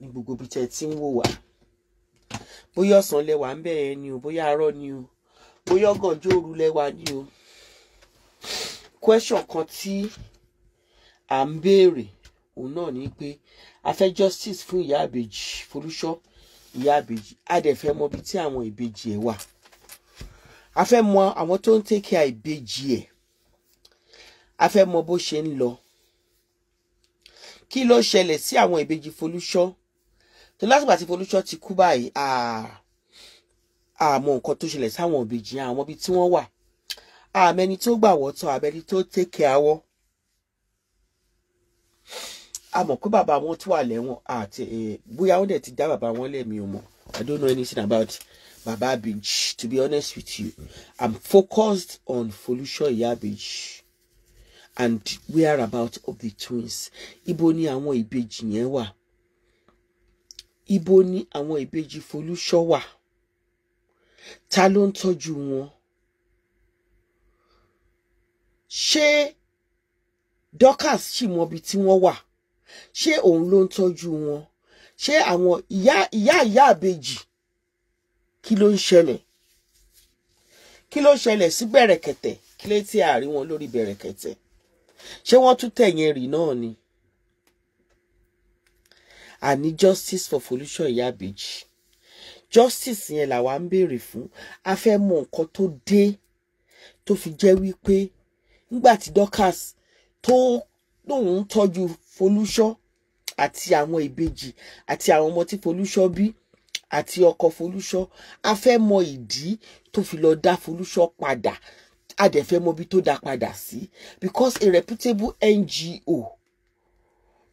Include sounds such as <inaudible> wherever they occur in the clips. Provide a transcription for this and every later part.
ní gbogbo bí tẹ́ ti ń wò wá bóyá ọ̀sán lẹwà ń bẹ̀rẹ̀ ni o bóyá arọ́ ni o bóyá ọ̀gànjọ́ òru lẹwà ni o question kan tí à ń béèrè òun náà ni pé a fẹ́ justice fún ìyá àbèjì Folúṣọ́ ìyá àbèjì a dẹ̀ fẹ́ mọ ibi tí àwọn ìbejì ẹ̀ wà a fẹ́ mọ àwọn tó ń take care ìbejì a fẹ́ mọ bó ṣe ń lọ kí ló ṣẹlẹ̀ sí àwọn ìbejì Folúṣọ́ tó lásìgbà tí Folúṣọ́ ti kú báyìí àmọ́ nǹkan tó ṣẹlẹ̀ sáwọn òbejì àwọn ibi tí wọ́n wà àmẹni tó gbàwọ́ tọ́ àmẹni tó tẹ́kẹ̀ awọ́ àmọ́ pé bàbá wọn tó wà lẹ́wọ̀n àti e, bóyá wọ́n dẹ̀ ti dá bàbá wọn lẹ́mi o mọ̀ I don't know anything about Baba Ibeji to be honest with you I'm focused on Folúṣọ́ Ìyá Ibeji and whereabouts of the twins ibo ni àwọn ìbejì yẹn wà ibo ni àwọn ìbejì Folúṣọ́ wà ta ló ń tọ́jú wọn ṣé Dorcas sì mọ ibi tí wọ́n wà ṣé òun ló ń tọ́jú wọn ṣé àwọn ìyá ìyá ìyá àbejì kí ló ń ṣẹlẹ̀ kí ló ń ṣẹlẹ̀ sí bẹ̀rẹ̀kẹ̀tẹ̀ kí lè tí a wọn lórí bẹ̀rẹ̀kẹ̀tẹ̀ ṣé wọ́n tún tẹ̀yìn rì náà ni àní justice for pollution, Ìyábẹ̀jì justice yẹn làwa ń béèrè fún a fẹ́ mọ nǹkan tó dé tó fi jẹ́ wípé nígbà tí Dorcas tó lòun tọ́jú pollution àti àwọn ìbejì àti àwọn ọmọ tí Fọlúṣọ̀ bí àti ọkọ Folúṣọ a fẹ́ mọ ìdí tó fi lọ dá Folúṣọ padà a dẹ̀ fẹ́ mọ ibi tó dá padà sí because a reputable NGO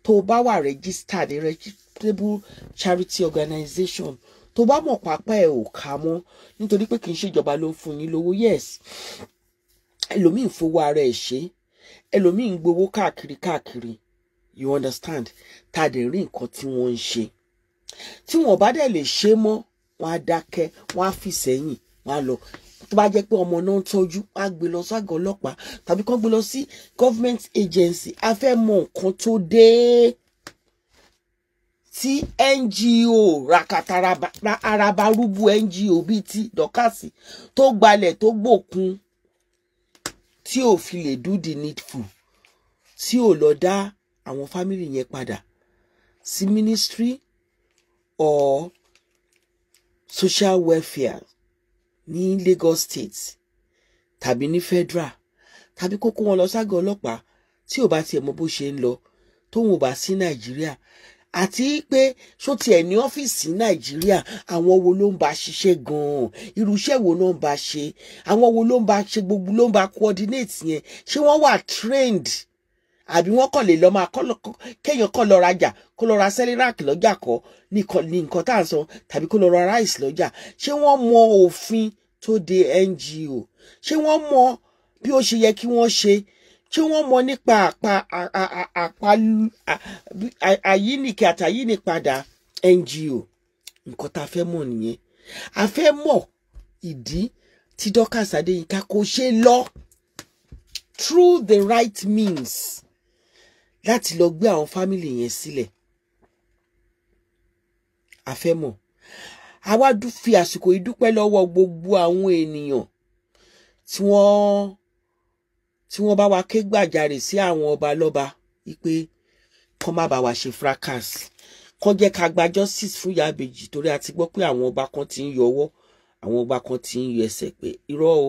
tó bá wà registered registable charity organization tó bá mọ̀ pápá ẹ̀ ò ká mọ́ nítorí pé kì í ṣèjọba ló ń fún yín lówó yes ẹlòmíín fowó ara ẹ̀ ṣe ẹlòmíín gbowó káàkiri káàkiri you understand tá a dẹ̀ rí nǹkan tí wọ́n ń ṣe tí wọ́n bá dẹ̀ lè ṣe mọ́ wọ́n á dákẹ́ wọ́n á fi sẹ́yìn wọ́n á lọ tó bá jẹ́ pé ọmọ náà ń tọ́jú á gbé lọ ságọ̀ ọlọ́pàá tàbí kán gbé lọ sí government agency a fẹ́ mọ nǹkan tó dé tí NGO rakata araba rúbu NGO bíi ti dọ́kàsì tó gbalẹ̀ tó gbòkun tí ò fi lè do the needful tí ò lọ dá àwọn fámìlì yẹn padà sí ministry or social welfare ní Lagos State tàbí ní federal tàbí kó kó wọn lọ ságọ́ ọlọ́pàá tí ò bá tiẹ̀ mọ bó ṣe ń lọ tóun ò bá sí Nàìjíríà àti pé ṣó tiẹ̀ ní ọ́fíìsì Nàìjíríà àwọn wo ló ń bá ṣiṣẹ́ gan-an wo ló ń bá ṣe àwọn wo ló ń bá ṣe gbogbo ló ń bá coordinate yẹn ṣé wọ́n wà trained àbí wọ́n kàn lè lọ máa kéèyàn kàn lọ rajà kó lọ ra sẹ́líráàkì lọ́jà kọ́ ní nǹkan tá à ń sọ tàbí kó lọ ra ráìsì lọ́jà ṣé wọ́n mọ òfin tó de NGO ṣé wọ́n mọ bí ó ṣe yẹ kí wọ́n ṣe ṣé wọ́n mọ nípa àyínìkì àtàyínìpadà NGO nǹkan tá a fẹ́ mọ̀ nìyẹn a fẹ́ mọ̀ ìdí tí Dorcas Adéyínká kò ṣe lọ through the right means láti lọ gbé àwọn fámìlì yẹn sílẹ̀ àfẹ́mọ̀ àwa fi àsìkò ìdúpẹ́ lọ́wọ́ gbogbo àwọn ènìyàn tí wọ́n tí wọ́n bá wa ké gbàjarè sí àwọn ọba lọ́ba wípé kọ́ má bá wa ṣe fracas kọ́ jẹ́ ká gba justice fún Ìyá Ìbejì torí a ti gbọ́ pé àwọn ọba kan ti ń yọ àwọn ọba kan ti ń yọ pé irọ́ o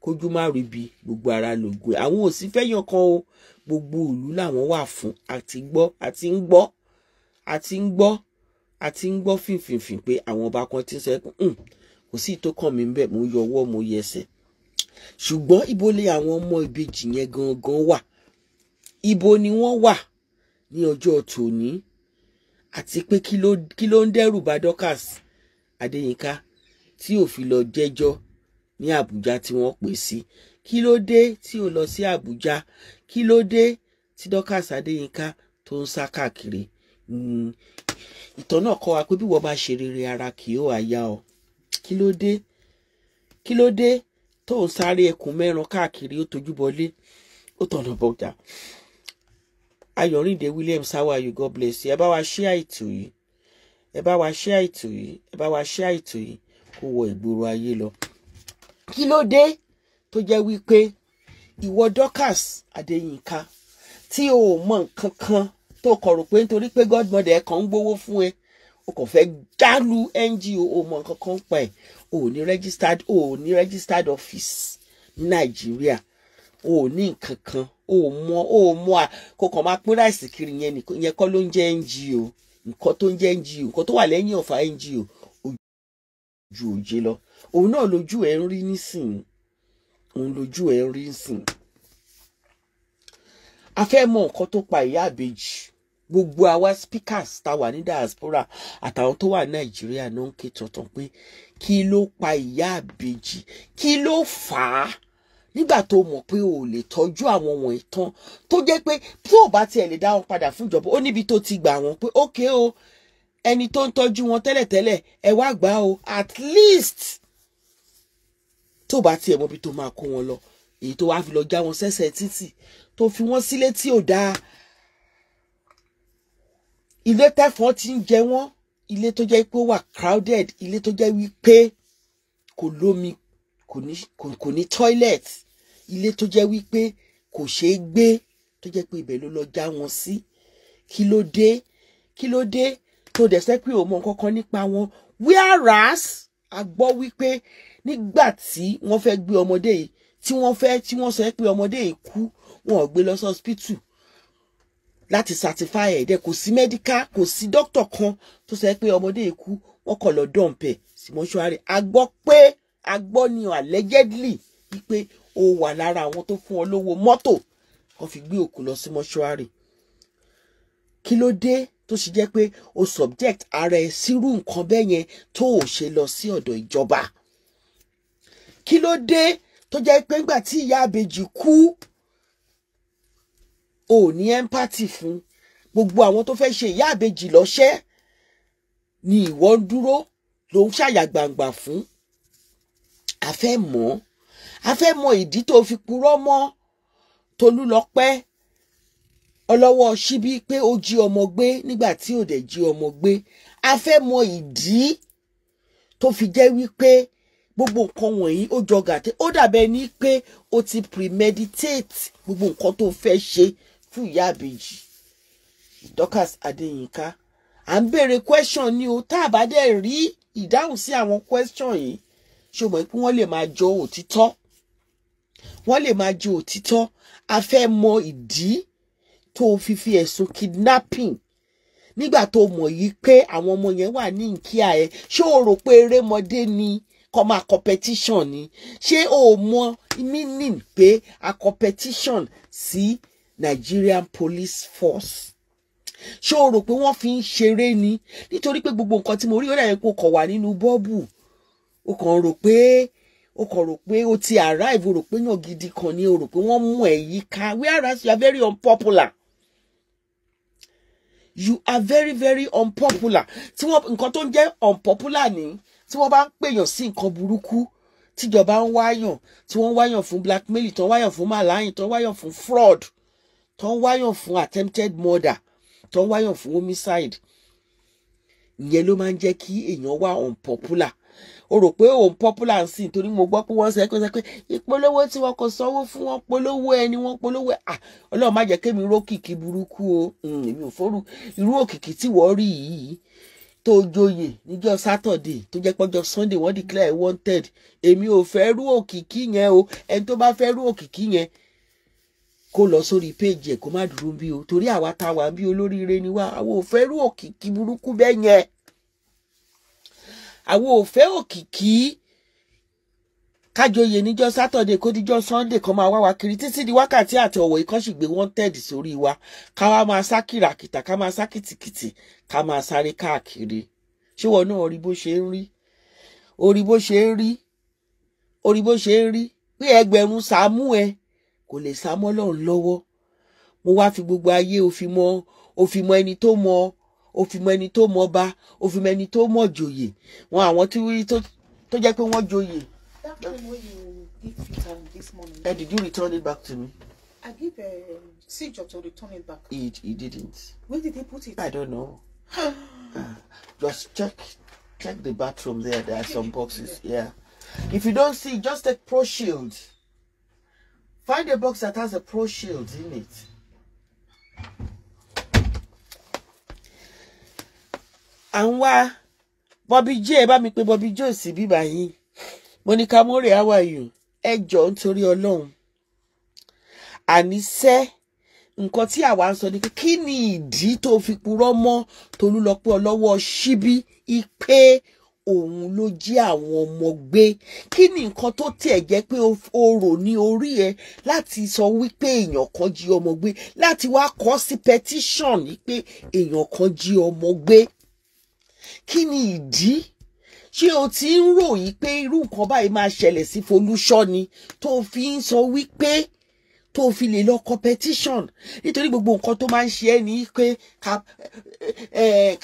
kójú má ríbi gbogbo ara lògùn àwọn ò sí fẹ́yàn kan o gbogbo ìlú làwọn wà fún àti gbọ́ àti ń gbọ́ àti ń gbọ́ àti ń gbọ́ fìfìfìn pé àwọn ọba kan ti ń sọ pé hmm, kò sí ìtò kàn mí ń bẹ̀ mo yọ ọwọ́ mo yẹ ṣùgbọ́n ibo lè àwọn ọmọ ìbejì yẹn gangan wà ibo ni wọ́n wà ní ọjọ́ tòní àti pé kí ló ń dẹ́rù bá Dorcas Adéyínká tí ò fi lọ jẹ́jọ́ ní abuja tí wọ́n pè sí kí ló dé tí ò lọ sí Àbújá kí ló dé tí Dorcas Adéyínká tó ń sá káàkiri hmm, ìtàn náà kọ́ wa pé bí wọ́n bá ṣe rere ara kì yóò àyà ọ kí ló dé kí ló dé tó ń sáré ẹkùn mẹ́ran káàkiri ó tojú bọlé ó tọ̀nà bọ̀jà Ayọ̀rìndé William sáwáyù God bless you ẹ bá wa ṣí àìtò yìí ẹ bá wa ṣí àìtò yìí ẹ bá wa ṣí àìtò yìí kó wọ ìgboro ayé lọ kí ló dé tó jẹ́ wípé ìwọ Dorcas Adéyínká tí o ò mọ nǹkan kan tó kọ̀ rò pé nítorí pé godmother ẹ̀ kàn ń gbowó fún ẹ o kò fẹ́ dálù NGO o mọ nǹkan kan pa ẹ̀ o ò ní registered o ò ní registered office ní Nàìjíríà o ò ní nǹkan kan o ò mọ o ò mọ kò kàn máa pín ráìsì kiri yẹn nìkan yẹn kọ́ ló ń jẹ́ NGO nǹkan tó ń jẹ́ NGO nǹkan tó wà lẹ́yìn ọ̀fà NGO ju òjé lọ òun náà lójú ẹ ń rí nísìn òun lójú ẹ ń rí nísìn a fẹ́ mọ nǹkan tó pa ìyá àbèjì gbogbo àwa speakers tá wà ní diaspora àtàwọn tó wà nàìjíríà náà ń ké tuntun pé kí ló pa ìyá àbèjì kí ló fà á nígbà tó mọ̀ pé o lè tọ́jú àwọn wọ̀nyí tán tó jẹ́ pé tí ò bá tiẹ̀ lè dá padà fún ìjọba ó níbi tó ti gbà wọ́n pé ókè o ẹni tó ń tọ́jú wọn tẹ́lẹ̀tẹ́lẹ̀ ẹ wá gbà o at least tó bá tiẹ̀ mọ́bi tó máa kó wọn lọ èyí tó wá fi lọ já wọn sẹ́sẹ̀ títì tó fi wọ́n sílé tí ò dáa ilé tẹ́fọ́n ti ń jẹ wọ́n ilé tó jẹ́ pé ó wà crowded ilé tó jẹ́ wípé kò lómi kò ní toilet ilé tó jẹ́ wípé kò ṣeé gbé tó jẹ́ pé ibẹ̀ ló lọ já wọn sí kí ló dé kí ló dé tó dẹ̀ sẹ́ pé o mọ nǹkan kan nípa wọn whereas a gbọ́ wípé nígbà tí wọ́n fẹ́ gbé ọmọdé yìí tí wọ́n fẹ́ tí wọ́n sọ pé ọmọdé yìí kú wọn ò gbé lọ sí láti certify ẹ̀ kò sí medical kò sí doctor kan tó sọ pé ọmọdé yìí kú wọ́n kọ̀ lọ dọ̀m̀pẹ̀ sí mọ́ṣúárì a pé a ni allegedly wípé o wà lára àwọn tó fún ọ lówó mọ́tò kan fi gbé òkú lọ sí mọ́ṣúárì kí ló dé tó ṣe jẹ́ pé o subject ara ẹ sírú nǹkan bẹ́ẹ̀ yẹn tó ò ṣe lọ sí ọ̀dọ̀ ìjọba kí ló dé tó jẹ́ pé ńgbà tí ìyá àbèjì kú ò ní empathy fún gbogbo àwọn tó fẹ́ ṣe ìyá àbèjì lọ́ṣẹ́ ni ìwọ ń dúró ló ń ṣàyà gbangba fún a fẹ́ mọ̀ a fẹ́ mọ̀ ìdí tó fi purọ́ mọ́ Tolúlọpẹ́ ọlọ́wọ́ síbí pé ó jí ọmọ gbé nígbà tí ò dẹ̀ jí ọmọ gbé a fẹ́ mọ ìdí tó fi jẹ́ wípé gbogbo nǹkan wọ̀nyí ó jọ gàtẹ́ ó dàbẹ̀ ní pé ó ti premeditate gbogbo nǹkan tó fẹ́ ṣe fún ìyá àbèjì Dorcas Adéyínká à ń béèrè question ni o tá a bá dẹ̀ rí ìdáhùn sí àwọn question yìí ṣe mọ̀ pé wọ́n lè máa jọ òtítọ́ wọ́n lè máa jọ òtítọ́ a fẹ́ mọ ìdí tó fi fi ẹ̀sùn kidnapping nígbà tó mọ̀ yìí pé àwọn ọmọ yẹn wà ní nkíà ẹ̀ ṣé o rò pé erémọdé ni kọ́ máa competition ni ṣé o mọ meaning pé a competition sí Nigerian police force ṣé o rò pé wọ́n fi ń ṣeré ni nítorí pé gbogbo nǹkan tí mo rí ó dàbí pé o kàn wà nínú bọ́ọ̀bù o kàn rò pé o kàn rò pé o ti arrive o rò pé yàn gidi kan ni o rò pé wọ́n mú ẹ̀ yíká whereas you are very unpopular you are very very unpopular tí wọ́n nǹkan tó ń jẹ́ unpopular ni, tí wọ́n bá ń pèèyàn sí nǹkan burúkú tíjọba ń wáyàn tí wọ́n ń wáyàn fún blackmail tó ń wáyàn fún màláyìn tó ń wáyàn fún fraud tó ń wáyàn fún attempted murder tó ń wáyàn fún homicide ìyẹn ló máa ń jẹ́ kí èèyàn wà unpopular o rò pé òun popular sí i torí mo gbọ́ pé wọ́n sọ pé sọ pé ìpolówó tí wọn kò sanwó fún wọn polówó ẹni wọn polówó ẹ ah, ọlọ́run má jẹ́ kémi ró kìkì burúkú o hmm, èmi ò fóru irú òkìkí tí wọ́n rí yìí tó joyè níjọ́ sátọ̀dé tó jẹ́ pọ́jọ́ sunday wọ́n declare wanted èmi ò fẹ́ rú òkìkí yẹn o ẹni tó bá fẹ́ rú òkìkí yẹn kó lọ sórí péjì ẹ̀ kó má dúró bí o torí àwa táwa bí olóríire ni wá àwọn ò fẹ́ rú òkìkí burúkú bẹ́ẹ̀ yẹn àwọn ò fẹ́ òkìkí kájọyè níjọ́ sátọ̀dé kó díjọ́ sọ́ndé kan máa wá wa kiri títí di wákàtí àti ọ̀wọ̀ ìkọ́ṣìgbè wanted sórí wa ká wá máa sá kìràkìtà ká máa sá kìtìkìtì ká máa sáré káàkiri ṣé wọn náà rí bó ṣe ń rí orí bó ṣe ń rí orí bó ṣe ń rí pé ẹgbẹ̀rún sàmú ẹ kò lè sá lọ́wọ́ mo wá fi gbogbo ayé òfin mọ òfin mọ ẹni tó mọ ó fi mọ ẹni tó mọ ọba ó fi mọ ẹni tó mọ joyè wọn àwọn tí tó jẹ́ pé wọ́n joyè. that you give this morning. Uh, did you return it back to me. I give um, Sijo to return it back. He, he didn't. Where did he put it? I don't know. uh, <gasps> just check check the bathroom there. There are some boxes. Yeah. If you don't see, just take Pro Shield. Find a box that has a Pro Shield in it. à ń wá Bobby J ẹ bá mi pé Bobby J sí bíbá yìí Monica More how are you ẹ jọ nítorí Ọlọ́run àníṣẹ́ nǹkan tí àwa ń sọ ni pé kí ni ìdí tó fi purọ́ mọ́ Tolú lọ pé ọlọ́wọ́ síbí ipe òun ló jí àwọn ọmọ gbé kí ni nǹkan tó tiẹ̀ jẹ́ pé o rò ní orí ẹ láti sọ wípé èèyàn kan jí ọmọ gbé láti wá kọ sí petition ni pé èèyàn kan jí ọmọ gbé kí ni ìdí ṣé o ti ń rò yí pé irú nǹkan báyìí máa ṣẹlẹ̀ sí folúṣọ́ ni tó fi ń sọ wípé tó fi lè lọ competition nítorí gbogbo nǹkan tó máa ń ṣe ẹ́ ní pé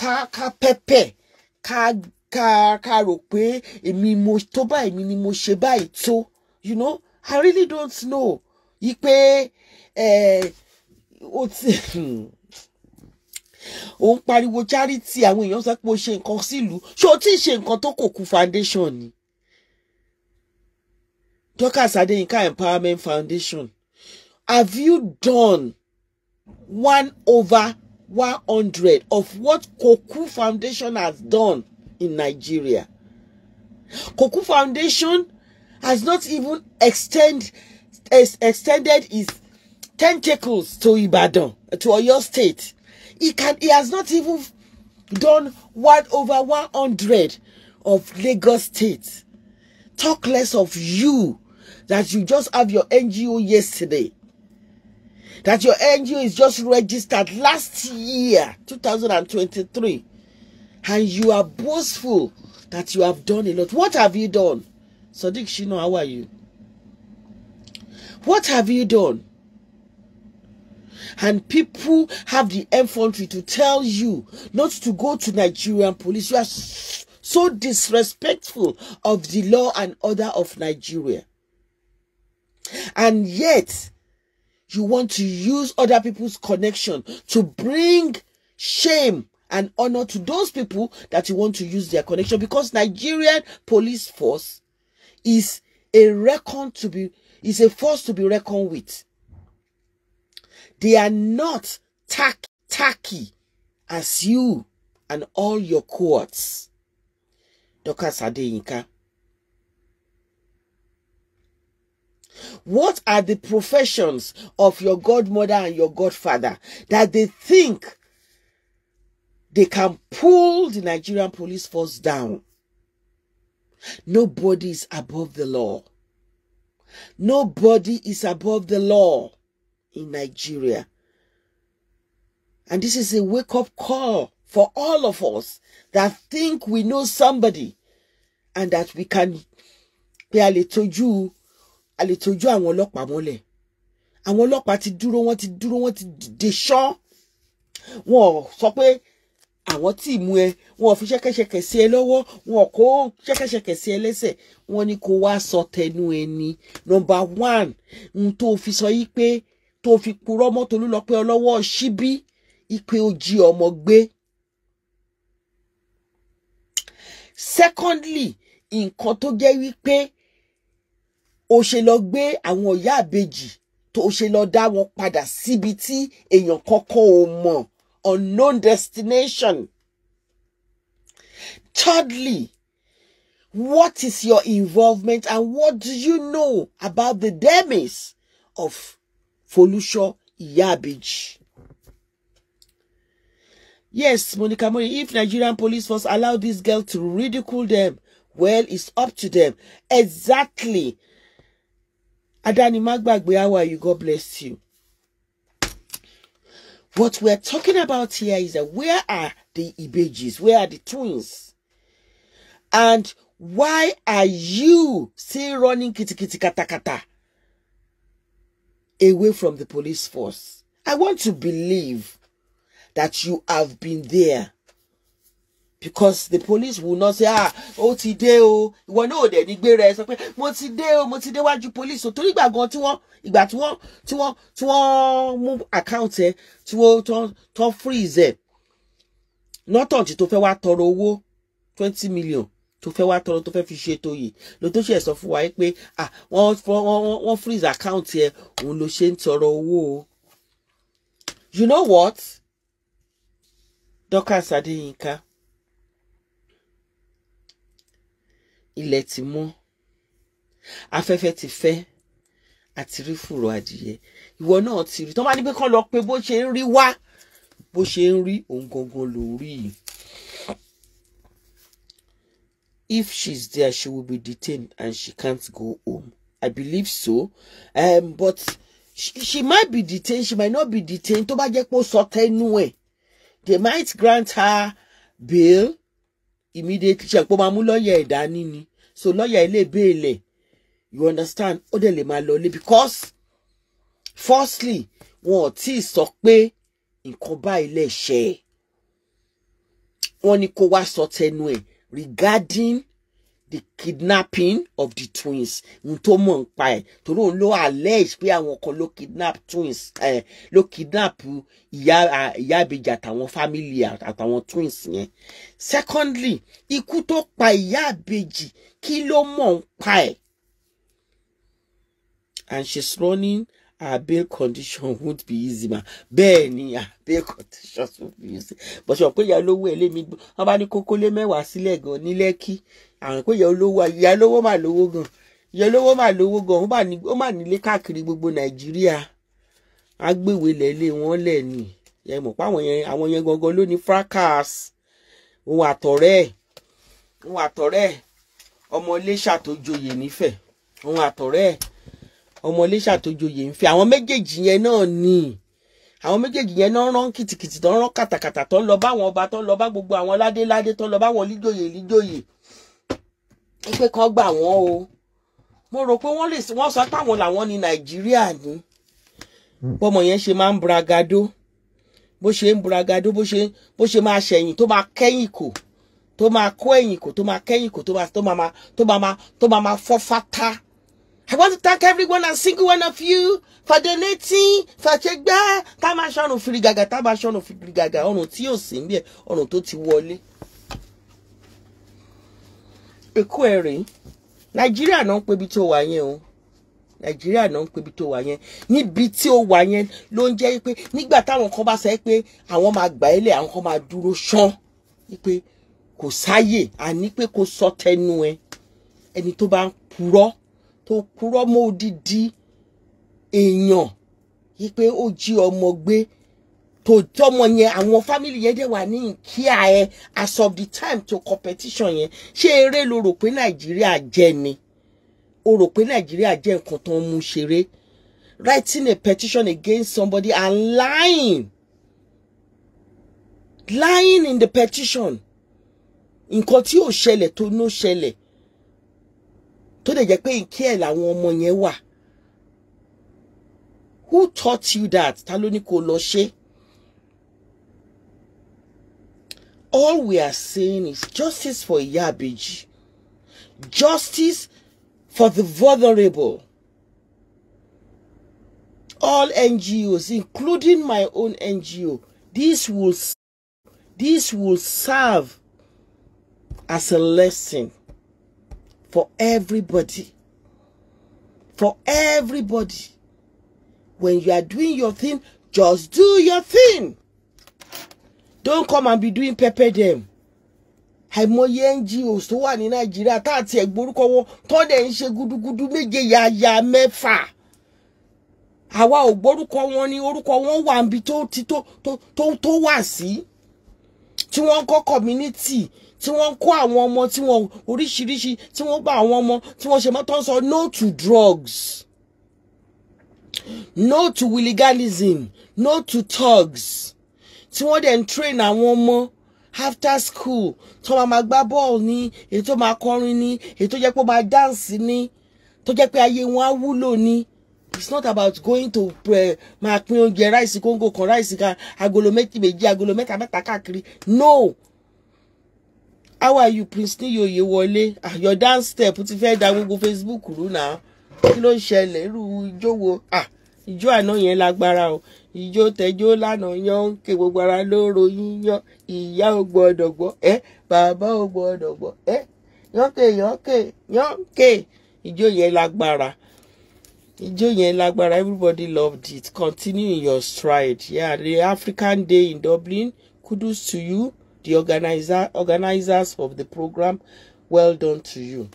ká ká pẹ́pẹ́ ká ká ká rò pé èmi mo tó báyìí èmi ni mo ṣe báyìí tó you know I really don't know yí pé o ti. Hmm ò pariwo charity àwọn èèyàn sọ pé o ṣe nǹkan sílùú ṣé o tí ṣe nǹkan tó kò kú foundation ni Dorcas Adeyinka Empowerment Foundation have you done one over one hundred of what Koku Foundation has done in Nigeria Koku Foundation has not even extend, ex extended its tentacles to Ibadan, to Oyo State. He can he has not even done what over 100 of Lagos State. Talk less of you that you just have your NGO yesterday. That your NGO is just registered last year, 2023. And you are boastful that you have done a lot. What have you done? Sadiq Shino, how are you? What have you done? and people have the infantry to tell you not to go to Nigerian police. You are so disrespectful of the law and order of Nigeria. And yet, you want to use other people's connection to bring shame and honor to those people that you want to use their connection because Nigerian police force is a reckon to be is a force to be reckoned with. They are not tack tacky as you and all your courts. Dr. Adeyinka. What are the professions of your godmother and your godfather that they think they can pull the Nigerian police force down? Nobody is above the law. Nobody is above the law. in Nigeria. And this is a wake up call for all of us that think we know somebody and that we can pé a lè tọ́jú a lè tọ́jú àwọn ọlọ́pàá mọ́lẹ̀ àwọn ọlọ́pàá ti dúró wọ́n ti dúró wọ́n ti dìde ṣán wọn ò sọ pé àwọn tí mú ẹ fi ṣẹ́kẹ́ṣẹkẹ̀ sí ẹ lọ́wọ́ wọn ò kó ṣẹ́kẹ́ṣẹkẹ̀ sí ẹ lẹ́sẹ̀ wọ́n ní kó wá sọ tẹnu ẹni nọ́mbà n tó fi sọ yìí pé tó fi purọ́ mọ́ Tolúlọpẹ́ ọlọ́wọ́ síbí ipe ó ọmọ gbé. secondly nǹkan tó jẹ́ wípé o ṣe lọ gbé àwọn ìyá àbejì tó ṣe lọ dá wọn padà síbi tí èèyàn kankan ò mọ̀ unknown destination. thirdly what is your involvement and what do you know about the demise of Folusho ìyá Yes, Monica Mori, if Nigerian police force allow this girl to ridicule them, well, it's up to them. Exactly. Adani Magbagbe, how are you? God bless you. What we're talking about here is that where are the Ibejis? Where are the twins? And why are you still running kitty kitty kata kata? away from the police force. I want to believe that you have been there. Because the police will not say, ah, ó ti dé o, ìwọ náà ò dẹ̀ ní gbé rẹ̀ sọ pé, mo ti dé police so torí ìgbà go to one, ìgbà to one, to one, to one. Move account eh? To wọ́n, tí wọ́n, tí wọ́n freeze ẹ̀. Nọ́tọ̀ntì tó fẹ́ wá tọrọ owó twenty million tó fẹ́ wá tọrọ tó fẹ́ fi ṣe toyè ló tó ṣe sọ fún wa pé ah wọ́n freeze account ẹ̀ òun ló ṣe ń tọrọ owó o you know what Dorcas Adéyínká ilẹ̀ ti mọ́ afẹ́fẹ́ ti fẹ́ àti rí fùrọ̀ adìyẹ ìwọ náà ti rí tó bá ní pé kán lọ pé bó ṣe ń rí wá bó ṣe ń rí òun gangan ló rí yìí if she's there, she will be detained and she can't go home. I believe so. Um, but she, she might be detained. She might not be detained. Tó bá jẹ́ pé They might grant her bail immediately. She pé ó máa mú ni? So lawyer ilé bail ẹ̀. You understand? Ó dẹ̀ lè máa lọlé because firstly, wọn ò tí ì sọ pé nǹkan báyìí lè ṣe é. Wọ́n ní kó regarding the kidnapping of the twins n tó mọ̀ ń pa ẹ̀ torí òun ló allege pé àwọn kan ló kidnap twins ẹ̀ eh, ló kidnap ìyá ìyá àbèjì àtàwọn family àtàwọn twins yẹn secondly ikú tó pa ìyá àbèjì kí ló mọ̀ ń pa ẹ̀ and she's running her bail condition won't be easy ma bẹ́ẹ̀ ni her bail condition won't be easy but ṣe ọ̀pẹ́ ìyá olówó ẹ̀ lémi gbọ́ wọ́n bá ní kókó lé mẹ́wàá sílẹ̀ gan ní lẹ́kì àwọn pé ìyá olówó ìyá olówó mà lówó gan ìyá olówó mà lówó gan ó mà nílé káàkiri gbogbo nàìjíríà agbèwé lẹ́lé wọn lẹ̀ ni ẹ mọ̀ pé àwọn yẹn àwọn yẹn gangan ló ní fracas òun àtọ̀rẹ́ ẹ̀ òun àtọ̀rẹ́ ẹ̀ ọmọ iléṣà tó joyè nífẹ̀ẹ́ òun àtọ̀rẹ́ ẹ̀ ọmọ iléṣà tó joyè ń fẹ́ àwọn méjèèjì yẹn náà ni àwọn méjèèjì yẹn náà rán kìtìkìtì tó rán kàtàkàtà tó lọ báwọn ọba tó lọ bá gbogbo àwọn ládéládé tó lọ báwọn líjòyè líjòyè pé kán gbà wọ́n o mo rò pé wọ́n lè wọ́n sọ táwọn làwọn ní nàìjíríà ni bọ́mọ yẹn ṣe máa ń buragado bó ṣe ń buragado bó ṣe bó ṣe máa ṣẹ̀yìn tó máa kẹ́yìn kò tó máa kó ẹ̀yìn kò tó máa kẹ́yìn kò tó máa tó máa tó máa máa fọ́ fátá I want to thank everyone and single one of you for donating, for ṣẹgbẹ́, tá a máa ṣọ̀run fìrìgàgà, tá a máa ṣọ̀run fìrìgàgà, ọ̀run tí yóò sì ti wọlé. Èkó ẹ̀rìn, Nàìjíríà náà ń pebi tó o. Nàìjíríà náà ń pebi tó wà yẹn. Níbi tí ó wà yẹn ló ń jẹ́ pé nígbà táwọn kan bá sọ pé àwọn máa gbà ẹ́ lẹ̀, àwọn kan máa dúró ṣán pé kò sáyè, àní pé kò sọ tẹnu tó purọ́ mọ́ odidi èèyàn yí pé ó jí ọmọ gbé tó jọmọ yẹn àwọn fámìlì yẹn dẹ̀ wà ní kíá ẹ as of the time to competition yẹn ṣé eré lo rò pé nàìjíríà jẹ ni o rò pé nàìjíríà jẹ nǹkan tó ń mú ṣeré writing a petition against somebody and lying lying in the petition nǹkan tí ò ṣẹlẹ̀ tó ló ṣẹlẹ̀ tó lè jẹ́ pé ìkí ẹ̀ làwọn ọmọ yẹn wà who taught you that ta ló ní kó lọ ṣe. all we are saying is justice for Ìyá justice for the vulnerable all NGOs including my own NGO this will this will serve as a lesson for everybody. For everybody. When you are doing your thing, just do your thing. Don't come and be doing pepper them. àìmọye NGOs tó wà ni Nigeria. tá àti ẹ̀gbórúkọ wọn tọ́dẹ̀ ń ṣe gudugudu méje ya mẹ́fà àwa ò gbórúkọ wọn ni orúkọ wọn wa níbi tó ti to to tó wà sí tí wọ́n kọ́ community tí wọ́n ń kó àwọn ọmọ tí wọ́n oríṣiríṣi tí wọ́n bá àwọn ọmọ tí wọ́n ṣe mọ́ tó ń sọ no to drugs no to illegalism no to thugs tí wọ́n dẹ̀ ń train àwọn ọmọ after school tó máa máa gbá bọ́ọ̀lù ní èyí tó máa kọrin ní èyí tó jẹ́ pé ó máa dáǹsì ní tó jẹ́ pé ayé wọn á wúlò ní it's not about going to uh, máa pín oúnjẹ ráìsì kóńgò kan ráìsì kan agolo méjì méjì agolo mẹ́ta mẹ́ta káàkiri no how are you prince ní yòòyè wọlé ah, your dance step ti fẹ́ da gbogbo facebook rú náà kí ló ń ṣẹlẹ̀ irú ijó wo ah, ijó àná yẹn lágbára o ijó tẹjó lánàá yan ń ké gbogbo ara lóró yíyan ìyá ò gbọ́dọ̀ gbọ́ ẹ bàbá ò gbọ́dọ̀ gbọ́ ẹ yànkè yànkè yànkè ijó yẹn lágbára ijó yẹn lágbára everybody loved it continue your stride yeah the african day in dublin kudos to you the organizer, organizers of the program, well done to you.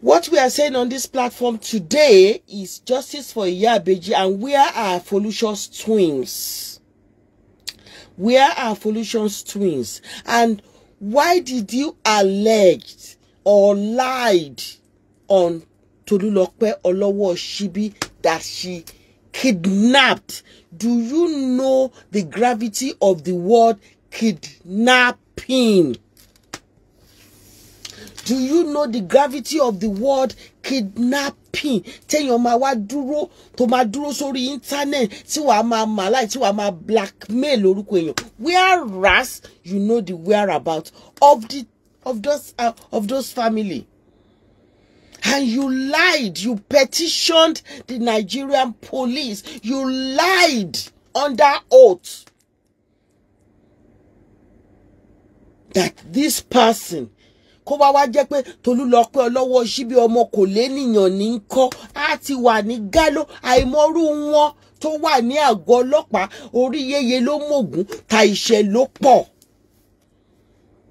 What we are saying on this platform today is justice for Iyabeji and where are Folution's twins? Where are Folution's twins? And why did you allege or lied on Tolulope Olowo Shibi that she kidnapped? Do you know the gravity of the word kidnapping. Do you know the gravity of the word kidnapping? Téèyàn máa wá dúró tó máa dúró sórí internet tí wàá máa mà láì tí wàá máa blackmail orúkọ èèyàn. Whereas you know the whereabouts of the of those uh, of those family. And you lied, you petitioned the Nigerian police, you lied under oath. that this person kó bá wá jẹ́ pé tolú lọ pé ọlọ́wọ́ síbi ọmọ kò lé nìyàn ní kọ́ á ti wà ní gálò àìmọ́rú wọn tó wà ní àgọ́ ọlọ́pàá orí yéye ló mògùn ta ìṣẹ́ ló pọ̀.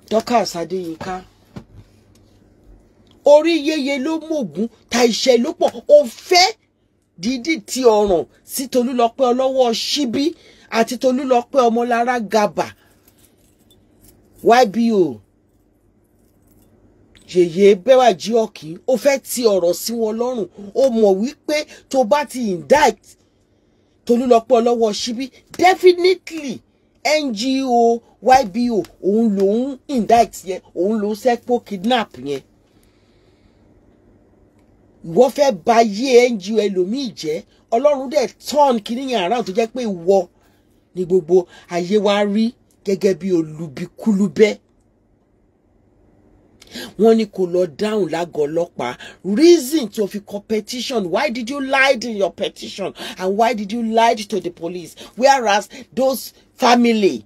Dorkas Adéyínká orí yéye ló mògùn ta ìṣẹ́ ló pọ̀ ó fẹ́ dídì ti ọ̀ràn sí tolú lọ pé ọlọ́wọ́ síbi àti tolú lọ pé ọmọlára gàbà ybo yèyé bẹ́wàjí ọ̀kì ó fẹ́ ti ọ̀rọ̀ sí wọn lọ́rùn ó mọ̀ wípé tó bá ti indict Tolúlọpọ̀ lọ́wọ́ síbí definitely NGO ybo òun lòún indict yẹn òun lòún sẹ́pọ̀ kidnap yẹn ìwọ fẹ́ ba yé NGO ẹlòmíì jẹ́ ọlọ́run dẹ̀ turn kìnìyàn around tó jẹ́ pé ìwọ ni gbogbo ayé wa rí gẹ́gẹ́ bí olùbíkúlùbẹ́ wọ́n ní kò lọ dáhùn lágọ̀ ọlọ́pàá reason to fi kọ petition why did you lie in your petition and why did you lie to the police whereas those family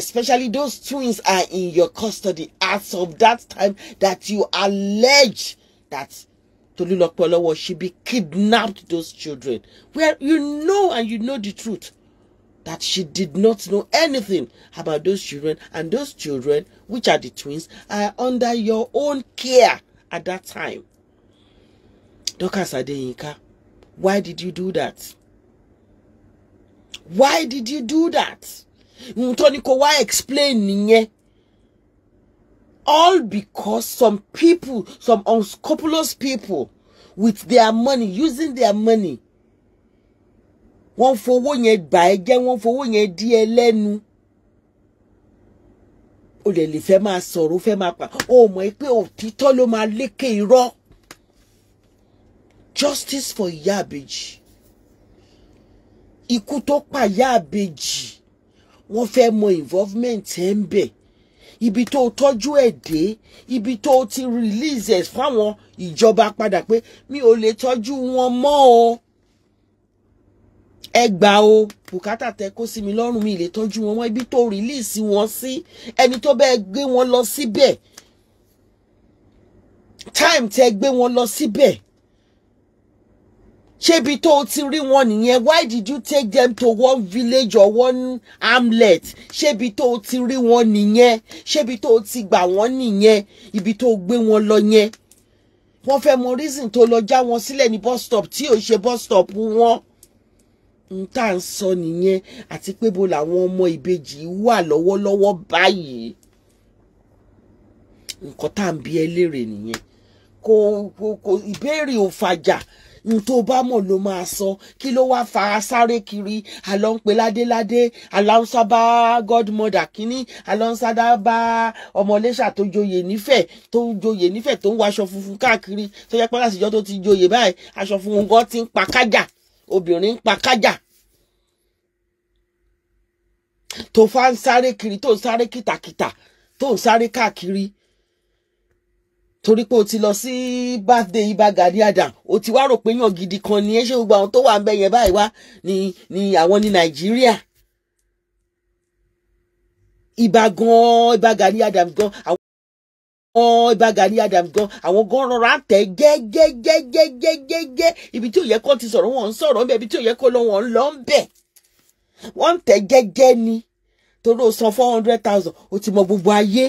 especially those twins are in your custody as of that time that you allege that Tolulope Olowo be kidnapped those children where you know and you know the truth that she did not know anything about those children and those children which are the twins are under your own care at that time dorcas adeyinka why did you do that why did you do that ntoni ko why explain nìyẹn all because some people some unscrupulous people with their money using their money wọ́n fowó yẹn bà ẹ́ jẹ́ wọ́n fowó yẹn dí ẹ lẹ́nu o lè lè fẹ́ máa sọ̀rọ̀ fẹ́ máa pa o mọ̀ pé òtítọ́ ló máa lékè irọ́ justice for ìyá àbèjì ikú tó pa ìyá àbèjì wọ́n fẹ́ mọ involvement ẹ̀ ń bẹ̀ ibi tó tọ́jú ẹ̀ dé ibi tó ti release ẹ̀ fáwọn ìjọba padà pé mi ò lè tọ́jú wọn mọ́ o ẹ gbà o bùkátà tẹ kó sí mi lọ́rùn mi ìlè tọ́jú wọn wọn ibi tó rìlíìsì wọn sí ẹni tó bẹ́ẹ̀ gbé wọn lọ síbẹ̀ time tẹ gbé wọn lọ síbẹ̀ ṣébi tó o ti rí wọn nìyẹn why did you take them to one village or one hamlet ṣébi tó o ti rí wọn nìyẹn ṣébi tó o ti gbà wọn nìyẹn ibi tó o gbé wọn lọ yẹn wọ́n fẹ́ mọ reason tó lọ já wọn sílẹ̀ ní bus stop tí ò ṣe bus stop wọn n tá à ń sọ nìyẹn àti pé bo làwọn ọmọ ìbejì wà lọ́wọ́lọ́wọ́ báyìí nǹkan tá à ń bi ẹ léèrè nìyẹn kò kò kò ìbéèrè ò fàjà n tó bá mọ̀ ló máa sọ kí ló wáá fa sáré kiri àlọ́ ń pe ládéládé aláǹsá bá godmother kínní aláǹsá bá ọmọléṣà tó joyè nífẹ̀ẹ́ tó joyè nífẹ̀ẹ́ tó ń wọ aṣọ funfun káàkiri tó yẹ pé láti ìjọ tó ti joyè báyìí aṣọ funfun gan ti ń pa kájà obìnrin ń pa kájà tó fa ń sáré kiri tó ń sáré kìtàkìtà tó ń sáré káàkiri torí pé o ti lọ sí birthday Ìbà Gani Adams o ti wá rò pé yàn gidi kan ni ẹ ṣe gbogbo àwọn tó wà ń bẹ yẹn báyìí wá ni ni àwọn ní Nàìjíríà Ìbà gan Ìbà Gani Adams gan wọn ibà Gani Adams gan àwọn gan rọra tẹ gẹ́gẹ́gẹ́gẹ́gẹ́gẹ́ ibi tí ò yẹ kó ti sọ̀rọ̀ wọn ń sọ̀rọ̀ ńbẹ̀ ibi tí ò yẹ kó lọ wọn ń lọ ńbẹ̀ wọ́n ń tẹ gẹ́gẹ́ ni torí o san four hundred thousand o ti mọ gbogbo ayé.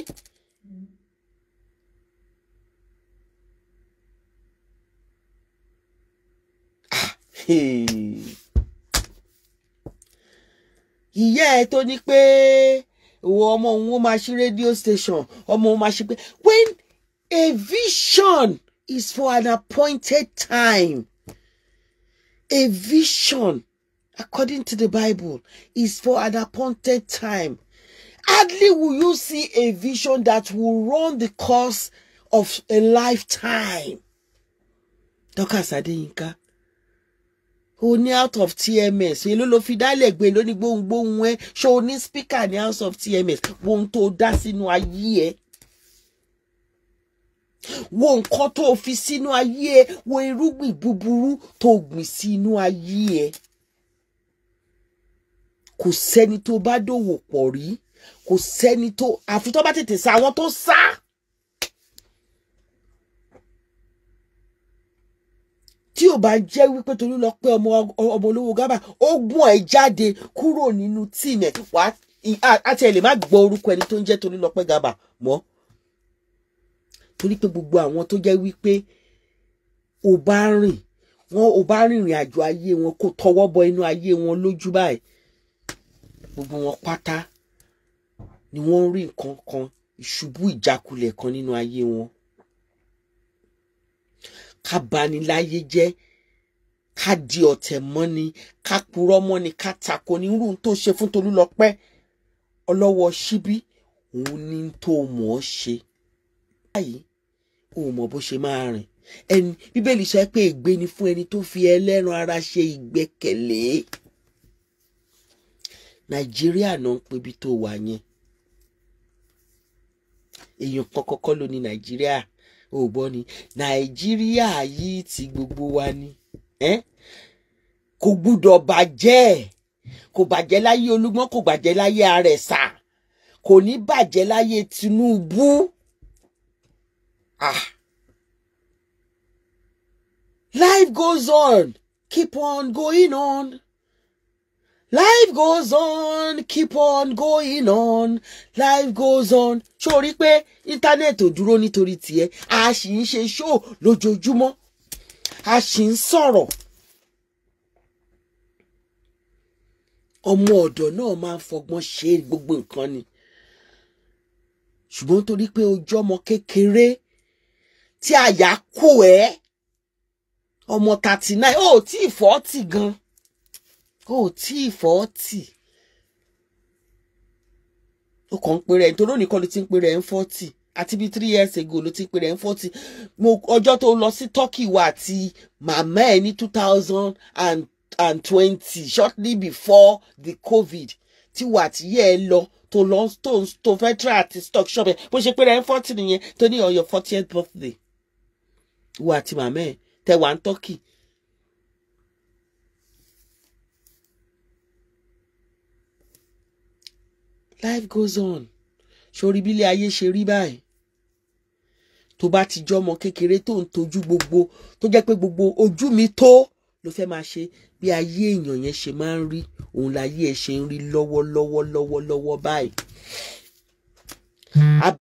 Ah, ìyá ẹ tó ní pé ìwọ ọmọ òun ó máa ṣí radio station ọmọ òun máa ṣe pé when a vision is for an appointed time a vision according to the Bible is for an appointed time hardly will you see a vision that will run the course of a lifetime. Dọ́kà Sàdéyínká o ní out of tms èló ló fi dálẹ̀ gbé ló ní gbohùngbohùn ẹ ṣó o ní speaker ní out of tms wo ohun tó dá sínú ayé ẹ wo nǹkan tó fi sínú ayé ẹ wo irúgbìn búburú tó gbìn sínú ayé ẹ kò sẹ́ni tó bá dòwò pọ̀ rí kò sẹ́ni tó àfi tó bá tètè sá àwọn tó sá. tí ò bá jẹ́ wípé Tolú lọ pé ọmọ ọmọ olówó gábà ó gún ẹ jáde kúrò nínú tíìmẹ̀ wá àti ẹ lè má gbọ́ orúkọ ẹni tó ń jẹ́ Tolú lọ pé gábà mọ́ torí pé gbogbo àwọn tó jẹ́ wípé ò bá rìn wọn ò bá rìnrìn àjò ayé wọn kó tọwọ́ bọ inú ayé wọn lójú báyìí gbogbo wọn pátá ni wọ́n ń rí nǹkan kan ìṣubú ìjákulẹ̀ kan nínú ayé wọn ká bani láyé jẹ́ ká di ọ̀tẹ̀ mọ́ni ká purọ́ mọ́ni ká tako ní irú tó ṣe fún Tolúlọpẹ́ ọlọ́wọ́ síbí òun ní tó mọ̀ ọ́ ṣe. báyìí ò mọ̀ bó ṣe máa rìn ẹni bíbélì sọ pé ègbé ni fún ẹni tó fi ẹlẹ́ran ara ṣe ìgbẹ́kẹ̀lé. nàìjíríà náà ń pebi tó wà yẹn èèyàn kan ló ní nàìjíríà ò gbọ́ ni nàìjíríà yìí ti gbogbo wa ni kò gbúdọ̀ bàjẹ́ kò bàjẹ́ láyé olúgbọ́n kò bàjẹ́ láyé àrẹ̀sà kò ní bàjẹ́ láyé tinubu. Ah. Life goes on. Keep on going on life goes on keep on going on life goes on sórí pé íńtánẹ́ẹ̀tì ò dúró nítorí tiẹ̀ a sì ń ṣe ṣóò lójoojúmọ́ a sì ń sọ̀rọ̀ ọmọ ọ̀dọ̀ náà máa ń fọgbọ́n ṣe gbogbo nǹkan ni ṣùgbọ́n torí pé ojú ọmọ kékeré tí àyà kù ẹ́ ọmọ thirty nine ó tí ì fọ́ọ̀tì gan-an o ò tí ì fọ́ọ̀tì o kàn ń pèrè ẹ̀ nítorí òní kọ́ ló ti ń pèrè ẹ̀ ń fọ́ọ̀tì àti bíi three years ago ló ti pèrè ẹ̀ ń fọ́ọ̀tì mo ọjọ́ tó lọ sí Turkey wa àti màmá ẹ̀ ní two thousand and twenty shortly before the COVID tí wà tí yẹ ẹ lọ tó lọ tó tó fẹ́ tra àti stock shop ẹ̀ bó ṣe pèrè ẹ̀ ń fọ́ọ̀tì nìyẹn tó ní on your fortieth birthday wà àti màmá ẹ̀ tẹ̀ wà ní Turkey life goes on sórí bílẹ̀ ayé ṣe rí báyìí tó bá ti jọmọ kékeré tó ń tọ́jú gbogbo tó jẹ́ pé gbogbo ojú mi tó ló fẹ́ máa ṣe bí ayé èèyàn yẹn ṣe máa ń rí òun láyé ẹ̀ ṣe ń rí lọ́wọ́lọ́wọ́ báyìí. Hmm.